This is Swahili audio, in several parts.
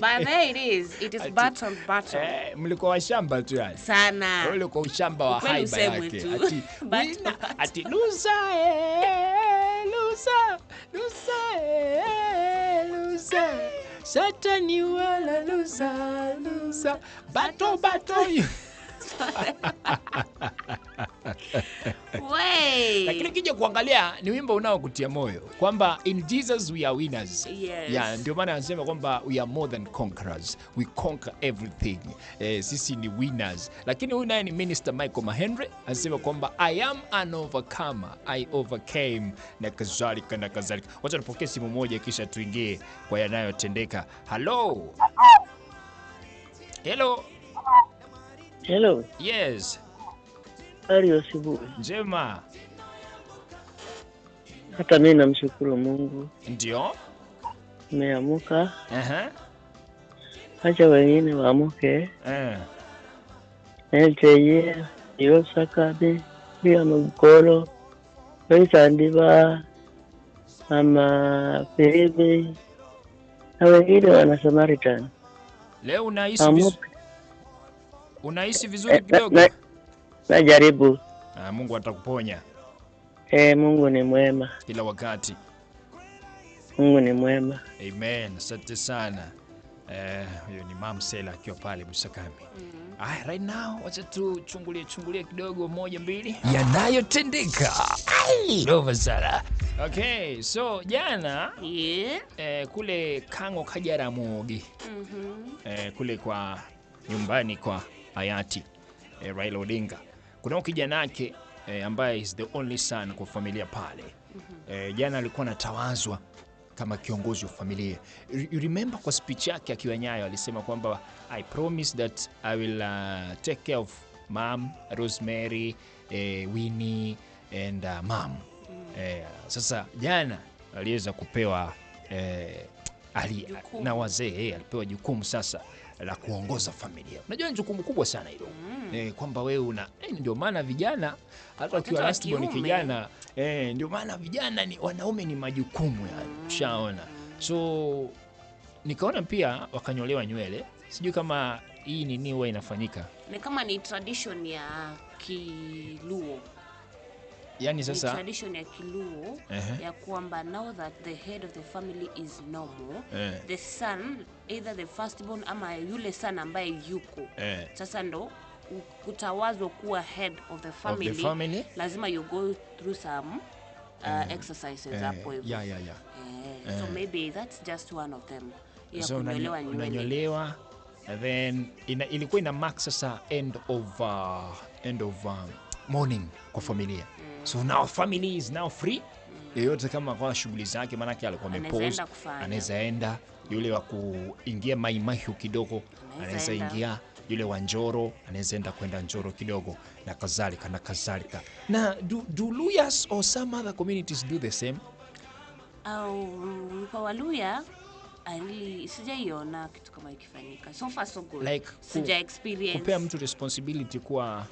But there it is. It is battle battle. Eh, mlikuwa washamba tu yani. Sana. Wewe ulikuwa ushamba wa haiba yake. Ati ati lusa eh, lusa, lusa eh, lusa. Shatani wala lusa, lusa. Bato bato. lakini kija kuangalia ni wimbo unaokutia moyo kwamba in Jesus we are winners. Yes. Yeah, ndio maana anasema kwamba we are more than conquerors. We conquer everything. Eh, sisi ni winners. Lakini huyu naye ni Minister Michael Mahendre anasema kwamba I am an overcomer. I overcame na kadhalika na kadhalika. Wacha tupokee simu moja kisha tuingie kwa yanayotendeka. Hello. Hello. Hello. Yes. Hali ya asubuhi njema. Hata mimi namshukuru Mungu, ndio nimeamka. Eh. acha wengine waamuke. neteye yosakabe biamagukolo waisandiba amafiribi na wengine wana Samaritan. Leo unahisi vizuri, unahisi vizuri kidogo? Eh, eh, najaribu. Ah, Mungu atakuponya. E, Mungu ni mwema kila wakati. Mungu ni mwema. Amen. Asante sana. E, huyo uh, ni Mam Sela akiwa pale Busakambi. mm -hmm. Ah, right now wacha tu chungulie chungulie kidogo moja mbili yanayotendeka noma sana. Okay, so jana yeah. eh, kule Kango Kajaramogi mm -hmm. eh, kule kwa nyumbani kwa hayati eh, Raila Odinga kunao kijana yake e, ambaye is the only son kwa familia pale mm -hmm. E, jana alikuwa anatawazwa kama kiongozi wa familia. You remember kwa speech yake akiwa Nyayo alisema kwamba I promise that I will uh, take care of mom Rosemary, eh, Winnie and uh, mom. Mm. Eh, sasa jana aliweza kupewa eh, ali, na wazee eh, alipewa jukumu sasa la kuongoza familia. Unajua ni jukumu kubwa sana hilo mm. Eh, kwamba wewe una eh, ndio maana vijana hata ukiwa last born kijana eh, ndio maana vijana ni wanaume ni majukumu yani, mm. ushaona so nikaona pia wakanyolewa nywele, sijui kama hii nini huwa inafanyika, ni kama ni tradition ya Kiluo yani sasa ni tradition ya Kiluo uh -huh. ya kwamba now that the head of the family is normal uh eh. -huh. the son either the firstborn ama yule sana ambaye yuko eh. Sasa ndo kutawazwa kuwa head of the family, of the family. lazima you go through some uh, eh. exercises hapo eh. hivyo yeah, yeah, yeah. eh. eh. so maybe that's just one of them ya so kunyolewa unanyolewa then ina, ilikuwa ina mark sasa end of uh, end of uh, um, morning kwa familia mm. so now family is now free mm yeyote kama kwa shughuli zake, maanake alikuwa amepoza, anaweza enda yule wa kuingia maimahu kidogo, anaweza ingia yule wa Njoro, anaweza enda kwenda Njoro kidogo na kadhalika na kadhalika. Na do, do Luyas or some other communities do the same? Au, mm, kwa Waluya Really, sijaiona kitu kama ikifanyika. So far so good. Like, sija experience. Kupea mtu responsibility kuwa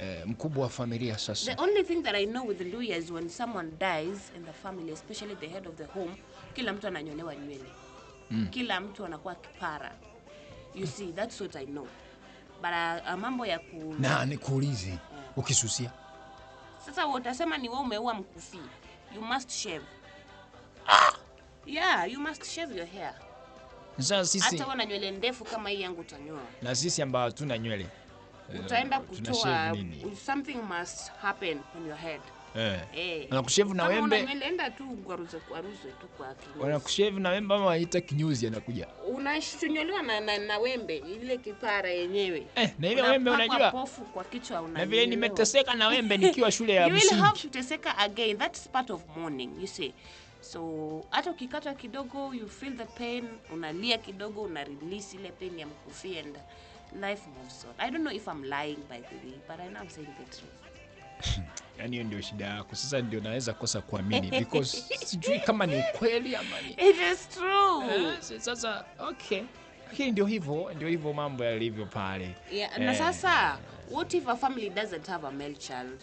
Eh, mkubwa wa familia sasa. The only thing that I know with the Luhya is when someone dies in the family especially the head of the home, kila mtu ananyolewa nywele mm. Kila mtu anakuwa kipara you see, that's what I know but uh, mambo ya ku... na nikuulize yeah. Ukisusia sasa wewe utasema ni wewe umeua mkufi, you must shave ah. Yeah, you must shave your hair. Sasa sisi hata wana nywele ndefu kama hii yangu utanyoa, na sisi ambao hatuna nywele Eh, utaenda kutoa something must happen on your head Eh. Eh. Wanakushevu na wembe. Unaenda tu kwaruze kwaruze tu kwa kinyuzi. Wanakushevu na wembe ama wanaita kinyuzi anakuja. Unashonyoliwa na, na, na wembe ile kipara yenyewe. Eh, na ile wembe unajua. Pofu kwa kichwa una. Na vile nimeteseka na wembe nikiwa shule ya msingi. You will have to teseka again. That's part of mourning, you see. So hata ukikata kidogo you feel the pain, unalia kidogo, una release ile pain ya mkufienda. and life moves on. I don't know if I'm lying by the way, but I know I'm saying the truth. yani hiyo ndio shida yako sasa, ndio naweza kosa kuamini because sijui kama ni ukweli ama ni it is true. Uh, sasa okay, lakini ndio hivyo, ndio hivyo mambo yalivyo pale yeah, eh. Na sasa what if a family doesn't have a male child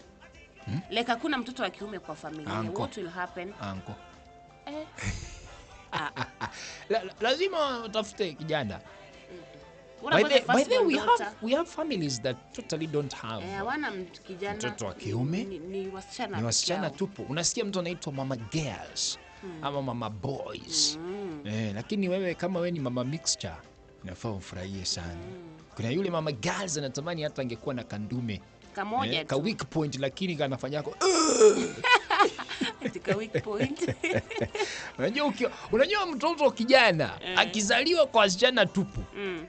hmm? Like hakuna mtoto wa kiume kwa familia, Anko. what will happen? Anko. Eh. ah, la, lazima utafute kijana by the, by the we have, we have families that totally don't have eh, mtoto wa kiume, ni wasichana tupu. Unasikia mtu anaitwa mama girls hmm. ama mama boys hmm. Eh, lakini wewe kama wewe ni mama mixture nafaa ufurahie sana hmm. Kuna yule mama girls anatamani hata angekuwa na kandume kamoja eh, ka weak point, lakini kanafanyako unajua, unajua mtoto kijana eh. akizaliwa kwa wasichana tupu mm.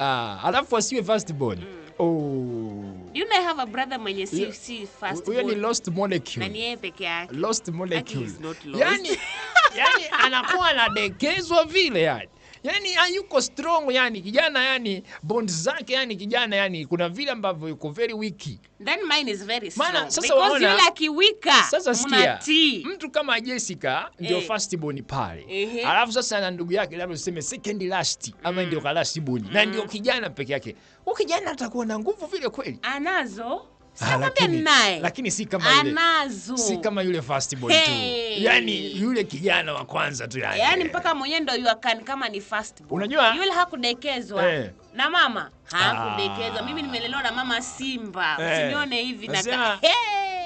Ah, alafu asiwe fast born. Oh. You may have a brother mwenye si, si fast born. Huyo ni lost molecule. Na ni yeye peke yake. Lost molecule. Aki is not lost. Yani, yani anakuwa anadekezwa vile yani yani hayuko strong yani kijana yani bond zake yani kijana yani kuna vile ambavyo yuko very weak. Then mine is very strong. Mana, sasa because wana, waona yule weaker Sasa sikia. Mtu kama Jessica ndio hey. Eh. first born pale. Hey. Alafu sasa na ndugu yake labda tuseme second last mm. ama ndio kalast born. Mm. Na ndio mm. kijana peke yake. ukijana atakuwa na nguvu vile kweli? Anazo. Ah, lakini, lakini si kama yule, anazo si kama yule fast boy hey. tu yani yule kijana wa kwanza tu yani, yani mpaka mwenyewe ndio yuakan kama ni fast boy. Unajua yule hakudekezwa hey. Eh. na mama ah. hakudekezwa. Mimi nimelelewa na mama simba hey. Eh. usinione hivi na hey.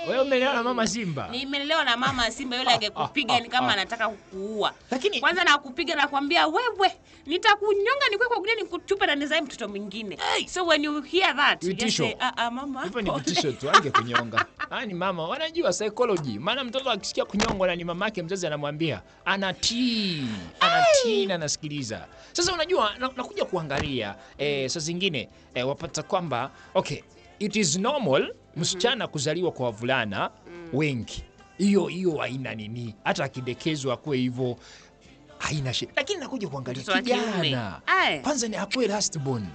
Wewe umelelewa na mama Simba? Nimelelewa na mama Simba yule angekupiga ni kama anataka kukuua. Lakini kwanza na nakupiga na kwambia wewe nitakunyonga ni kwa gunia nikutupe na nizae mtoto mwingine. So when you hear that, you say ah ah mama. Hivyo ni vitisho tu angekunyonga. Ah ni yaani mama wanajua psychology. Maana mtoto akisikia kunyongwa na ni mamake mzazi anamwambia anatii. Anatii na anasikiliza. Sasa unajua nakuja na kuangalia eh, saa zingine eh, wapata kwamba okay it is normal mm -hmm. msichana mm-hmm. kuzaliwa kwa wavulana mm. wengi, hiyo hiyo haina nini, hata akidekezwa kuwe hivyo haina shida, lakini nakuja kuangalia kijana kwanza ni akuwe last born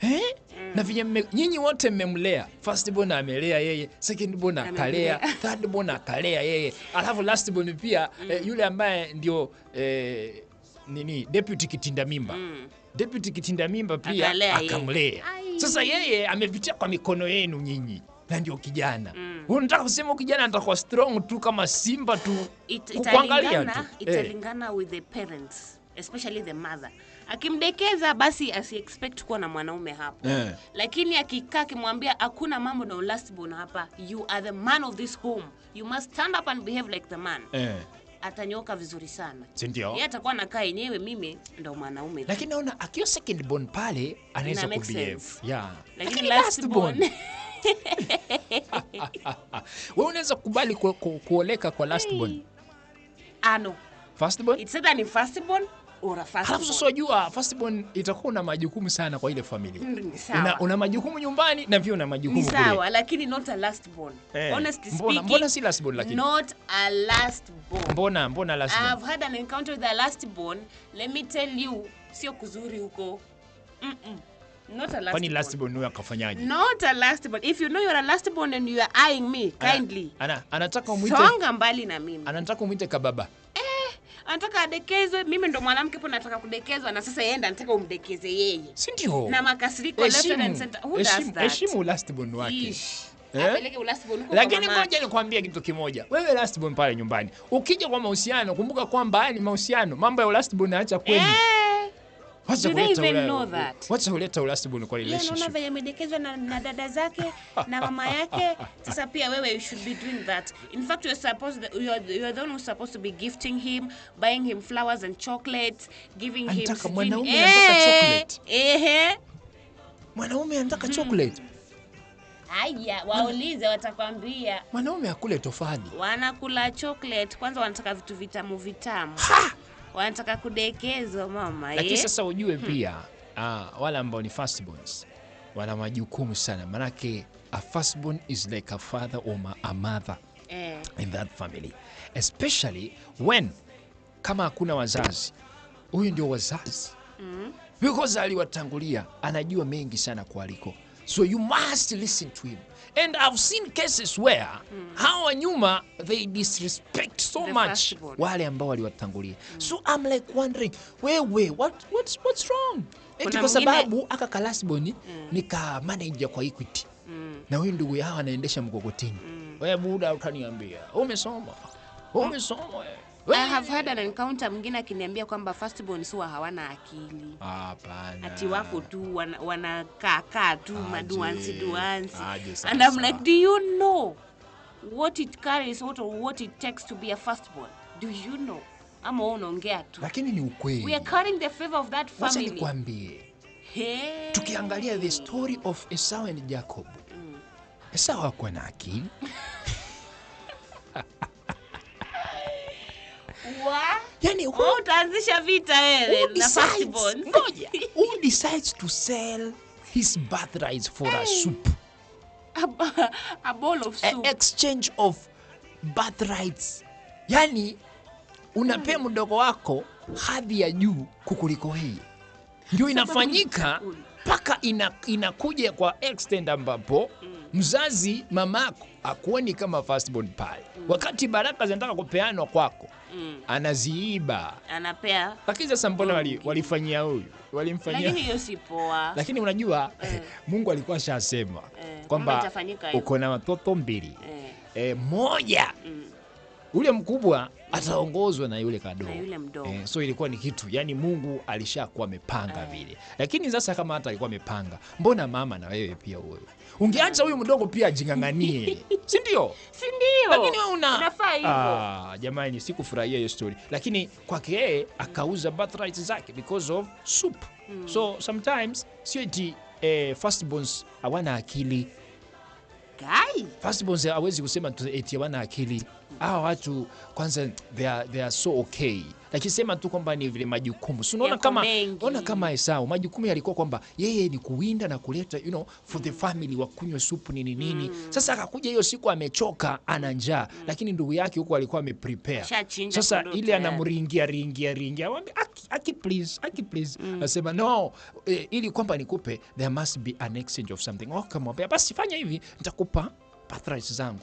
eh? Mm. na vinye nyinyi wote mmemlea first born amelea yeye, second born akalea, third born akalea yeye, alafu last born pia eh, mm. eh, yule ambaye ndio eh, nini deputy kitinda mimba mm. deputy kitinda mimba pia akamlea sasa yeye amepitia kwa mikono yenu nyinyi na ndio kijana mm. Unataka kusema kijana atakuwa strong tu kama simba tu It, it kuangalia tu eh. italingana hey. with the parents especially the mother akimdekeza basi expect kuwa na mwanaume hapo yeah. Lakini akikaa akimwambia hakuna mambo na last born hapa, you are the man of this home, you must stand up and behave like the man yeah atanyoka vizuri sana, sindio ndio? Yeye atakuwa nakaa yenyewe, mimi ndo mwanaume. Lakini naona akiwa second born pale anaweza ku behave yeah, lakini last born wewe unaweza kukubali kuoleka kwa last born? Ano, ah, first born, it's either ni first born Halafu sasa unajua firstborn itakuwa una majukumu sana kwa ile familia. Una, mm, una majukumu nyumbani na pia una majukumu kule. Sawa, lakini not a last born Eh, Honestly mbona, speaking, mbona si last born lakini? Not a last born Mbona, mbona last born I've had an encounter with a last born Let me tell you, sio kuzuri huko. Mm -mm. Not a last Kwani last born huyo akafanyaje? Not a last born. If you know you're a last born and you are eyeing me, kindly. Ana, ana, anataka umwite. Songa mbali na mimi. Anataka umwite kababa anataka adekezwe. Mimi ndo mwanamke hapo nataka kudekezwa, na sasa yeye anataka umdekeze yeye, si ndio? Na makasiriko left and center. Heshimu last born wake. Eh? Lakini ngoja nikwambie kitu kimoja. Wewe last born pale nyumbani. Ukija kwa mahusiano, kumbuka kwamba haya ni mahusiano. Mambo ya last born naacha kwenu. Eh. Do they even know that? Wacha huleta urasibu kwa relationship. Yeye anaona yamedekezwa na, na dada zake na mama yake. Sasa pia wewe you should be doing that. In fact you're supposed to, you are, you are the one who's supposed to be gifting him, buying him flowers and chocolates, giving him Anataka mwanaume eh, anataka chocolate. Ehe. Mwanaume anataka hmm. chocolate. Aya, waulize watakwambia. Mwanaume akule tofali. Wanakula chocolate kwanza, wanataka vitu vitamu vitamu. Ha! wanataka kudekezwa mama. Eh? Lakini sasa ujue hmm. pia uh, wale ambao ni firstborns wana majukumu sana, manake a firstborn is like a father or a mother eh, in that family especially when kama hakuna wazazi, huyu ndio wazazi mm, because aliwatangulia, anajua mengi sana kuliko So you must listen to him. And I've seen cases where mm. hawa nyuma they disrespect so the much wale ambao waliwatangulia. Mm. So I'm like wondering, wewe what what's what's wrong? Eti kwa sababu aka Kalasbon mm. nika manager kwa Equity. Mm. Na huyu ndugu yao anaendesha mkokoteni. Mm. Wewe buda utaniambia. Umesoma. Hmm. Umesoma I have had an encounter mwingine akiniambia kwamba firstborn huwa hawana akili. Hapana. Ati wako tu wanakaa wana kaa tu maduansi duansi. And I'm like, do you know what it carries what or what it takes to be a firstborn? Do you know? Ama wewe unaongea tu. Lakini ni ukweli. We are carrying the favor of that family. Wacha nikwambie. Hey. Tukiangalia the story of Esau and Jacob. Mm. Esau hakuwa na akili. yani utaanzisha vita ngoja who decides to sell his birthright for hey. a soup a, a bowl of soup. A exchange of birthrights yani unapea hmm. mdogo wako hadhi ya juu kukuliko hii ndio inafanyika mpaka ina, kwa extend ambapo hmm. mzazi mamako akuoni kama firstborn pale, hmm. wakati baraka zinataka kupeanwa kwako, mm. anaziiba anapea. Lakini sasa mbona wali, walifanyia huyu walimfanyia, lakini hiyo si poa. Lakini unajua eh. Mungu alikuwa ashasema eh, kwamba uko na watoto mbili eh. Eh, moja mm. ule mkubwa ataongozwa na yule kadogo na yule mdogo eh, so ilikuwa ni kitu yani Mungu alishakuwa amepanga eh. vile, lakini sasa kama hata alikuwa amepanga, mbona mama na wewe pia wewe ungeacha huyu mdogo pia ajing'ang'anie, si ndio? Si ndio? Lakini wewe una unafaa hivyo. Ah, jamani, sikufurahia hiyo story, lakini kwake yeye akauza birthright zake because of soup mm. so sometimes sio eti eh, firstborns hawana akili Gai? First Bonze awezi kusema eti wana akili. Hawa watu kwanza they are, they are so okay akisema tu kwamba ni vile majukumu. Si unaona kama unaona kama Esau majukumu yalikuwa kwamba yeye ni kuwinda na kuleta you know for the family wa kunywa supu nini nini. Mm. Sasa akakuja hiyo siku amechoka, ana njaa, mm. lakini ndugu yake huko alikuwa ameprepare. Sasa ile anamringia ringia ringia, anamwambia aki, aki please, aki please. Mm. Anasema no, eh, ili kwamba nikupe there must be an exchange of something. Oh, come on. basi fanya hivi, nitakupa pathrice zangu.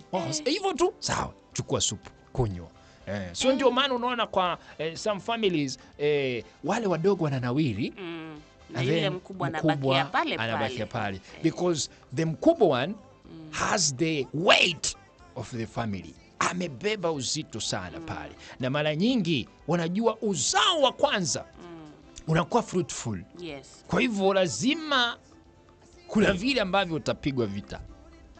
Hivyo oh, eh, tu sawa, chukua supu kunywa. Eh, so ndio maana unaona kwa eh, some families eh, wale wadogo wananawiri mm. na yule mkubwa anabakia pale pale, pale. Eh. Because the mkubwa one mm. has the weight of the family amebeba uzito sana mm. pale, na mara nyingi wanajua uzao wa kwanza mm. unakuwa fruitful yes. Kwa hivyo lazima kuna vile ambavyo utapigwa vita,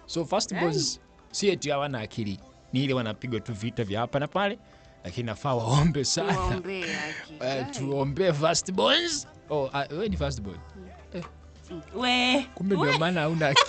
so first borns si eti hawana akili ni ile wanapigwa tu vita vya hapa na pale, lakini nafaa waombe sana, tuombee fast bones. Oh, ah, wewe ni fast boy? Mm. Eh. Kumbe ndio maana hauna